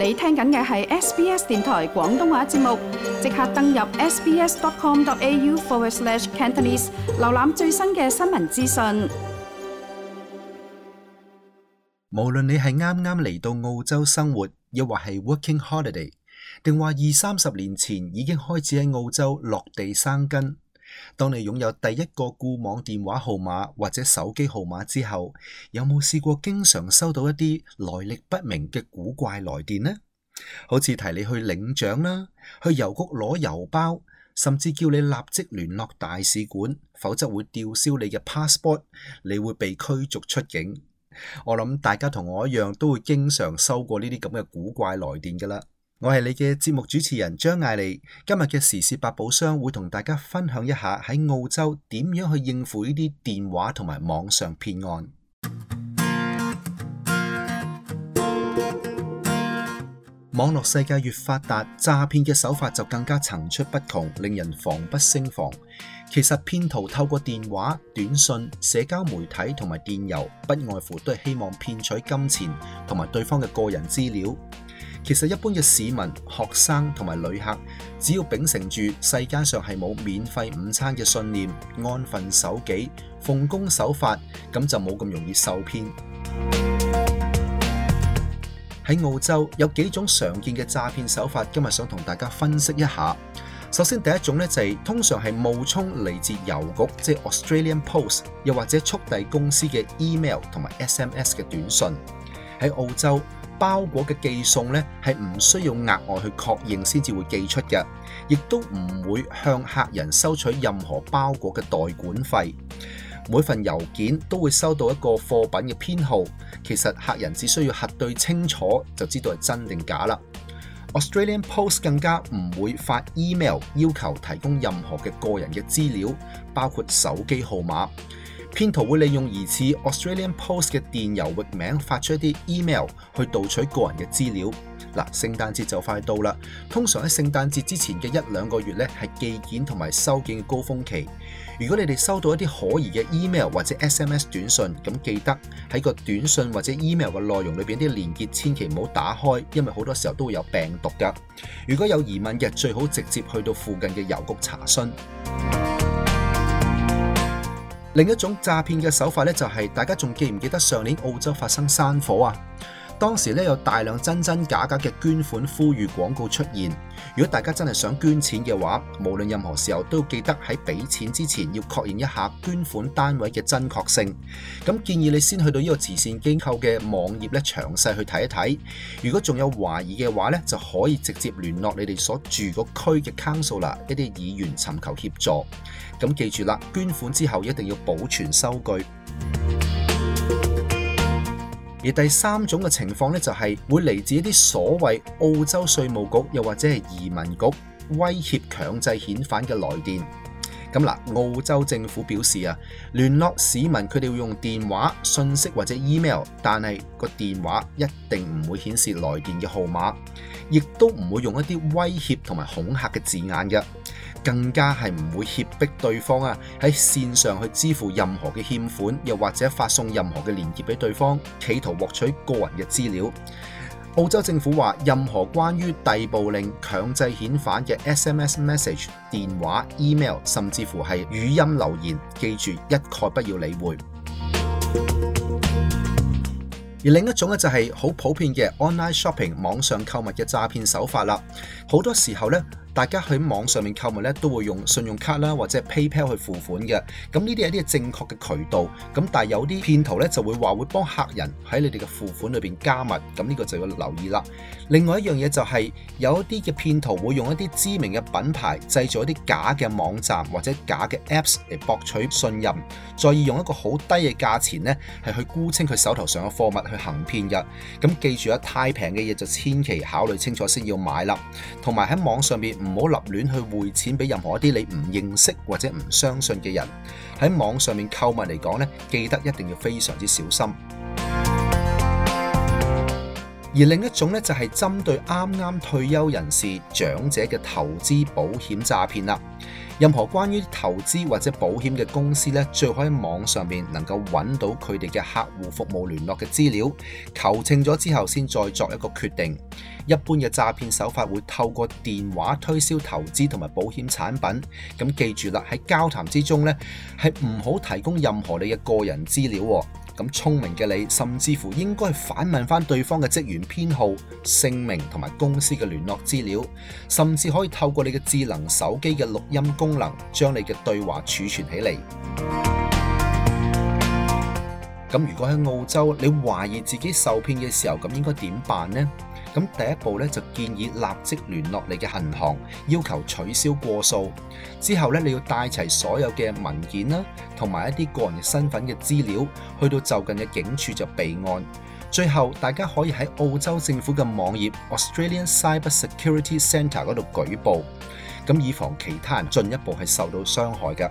你聽緊嘅係 SBS 電台廣東話節目，即刻登入 sbs.com.au/cantonese an 瀏覽最新嘅新聞資訊。無論你係啱啱嚟到澳洲生活，又或係 working holiday，定話二三十年前已經開始喺澳洲落地生根。當你擁有第一個固網電話號碼或者手機號碼之後，有冇試過經常收到一啲來歷不明嘅古怪來電呢？好似提你去領獎啦，去郵局攞郵包，甚至叫你立即聯絡大使館，否則會吊銷你嘅 passport，你會被驅逐出境。我諗大家同我一樣都會經常收過呢啲咁嘅古怪來電噶啦。我係你嘅節目主持人張艾莉。今日嘅時事百寶箱，會同大家分享一下喺澳洲點樣去應付呢啲電話同埋網上騙案。網絡世界越發達，詐騙嘅手法就更加層出不窮，令人防不勝防。其實騙徒透過電話、短信、社交媒體同埋電郵，不外乎都係希望騙取金錢同埋對方嘅個人資料。其實一般嘅市民、學生同埋旅客，只要秉承住世界上係冇免費午餐嘅信念，安分守己、奉公守法，咁就冇咁容易受騙。喺澳洲有幾種常見嘅詐騙手法，今日想同大家分析一下。首先第一種呢就係、是、通常係冒充嚟自郵局，即係 Australian Post，又或者速遞公司嘅 email 同埋 SMS 嘅短信。喺澳洲，包裹嘅寄送呢，係唔需要額外去確認先至會寄出嘅，亦都唔會向客人收取任何包裹嘅代管費。每份郵件都會收到一個貨品嘅編號，其實客人只需要核對清楚就知道係真定假啦。Australian Post 更加唔會發 email 要求提供任何嘅個人嘅資料，包括手機號碼。騙徒會利用疑似 Australian Post 嘅電郵域名發出一啲 email 去盜取個人嘅資料。嗱，聖誕節就快到啦，通常喺聖誕節之前嘅一兩個月呢，係寄件同埋收件嘅高峰期。如果你哋收到一啲可疑嘅 email 或者 SMS 短信，咁記得喺個短信或者 email 嘅內容裏面啲連結，千祈唔好打開，因為好多時候都會有病毒㗎。如果有疑問嘅，最好直接去到附近嘅郵局查詢。另一種詐騙嘅手法咧，就係大家仲記唔記得上年澳洲發生山火呀？當時咧有大量真真假假嘅捐款呼籲廣告出現。如果大家真係想捐錢嘅話，無論任何時候都要記得喺俾錢之前要確認一下捐款單位嘅真確性。咁建議你先去到呢個慈善機構嘅網頁咧，詳細去睇一睇。如果仲有懷疑嘅話咧，就可以直接聯絡你哋所住個區嘅 councillor 一啲議員尋求協助。咁記住啦，捐款之後一定要保存收據。而第三種嘅情況咧，就係會嚟自一啲所謂澳洲稅務局又或者係移民局威脅強制遣返嘅來電。咁嗱，澳洲政府表示啊，聯絡市民佢哋會用電話、訊息或者 email，但係個電話一定唔會顯示來電嘅號碼，亦都唔會用一啲威脅同埋恐嚇嘅字眼嘅。更加係唔會脅迫對方啊，喺線上去支付任何嘅欠款，又或者發送任何嘅連結俾對方，企圖獲取個人嘅資料。澳洲政府話，任何關於逮捕令、強制遣返嘅 SMS message、電話、email，甚至乎係語音留言，記住一概不要理會。而另一種咧就係好普遍嘅 online shopping 網上購物嘅詐騙手法啦。好多時候呢。大家喺網上面購物咧，都會用信用卡啦，或者 PayPal 去付款嘅。咁呢啲係一啲正確嘅渠道。咁但係有啲騙徒咧就會話會幫客人喺你哋嘅付款裏邊加密。咁呢個就要留意啦。另外一樣嘢就係有一啲嘅騙徒會用一啲知名嘅品牌製造一啲假嘅網站或者假嘅 Apps 嚟博取信任，再以用一個好低嘅價錢咧係去沽清佢手頭上嘅貨物去行騙嘅。咁記住啊，太平嘅嘢就千祈考慮清楚先要買啦。同埋喺網上面。唔好立亂去匯錢俾任何一啲你唔認識或者唔相信嘅人。喺網上面購物嚟講呢，記得一定要非常之小心。而另一種呢，就係針對啱啱退休人士、長者嘅投資保險詐騙啦。任何關於投資或者保險嘅公司呢，最好喺網上面能夠揾到佢哋嘅客戶服務聯絡嘅資料，求證咗之後先再作一個決定。一般嘅詐騙手法會透過電話推銷投資同埋保險產品，咁記住啦，喺交談之中呢，係唔好提供任何你嘅個人資料。咁聰明嘅你，甚至乎應該反問返對方嘅職員編號、姓名同埋公司嘅聯絡資料，甚至可以透過你嘅智能手機嘅錄音功能，將你嘅對話儲存起嚟。咁如果喺澳洲，你懷疑自己受騙嘅時候，咁應該點辦呢？咁第一步咧就建議立即聯絡你嘅銀行，要求取消過數。之後咧你要帶齊所有嘅文件啦，同埋一啲個人身份嘅資料，去到就近嘅警署就備案。最後大家可以喺澳洲政府嘅網頁 Australian Cyber Security Centre 嗰度舉報，咁以防其他人進一步係受到傷害嘅。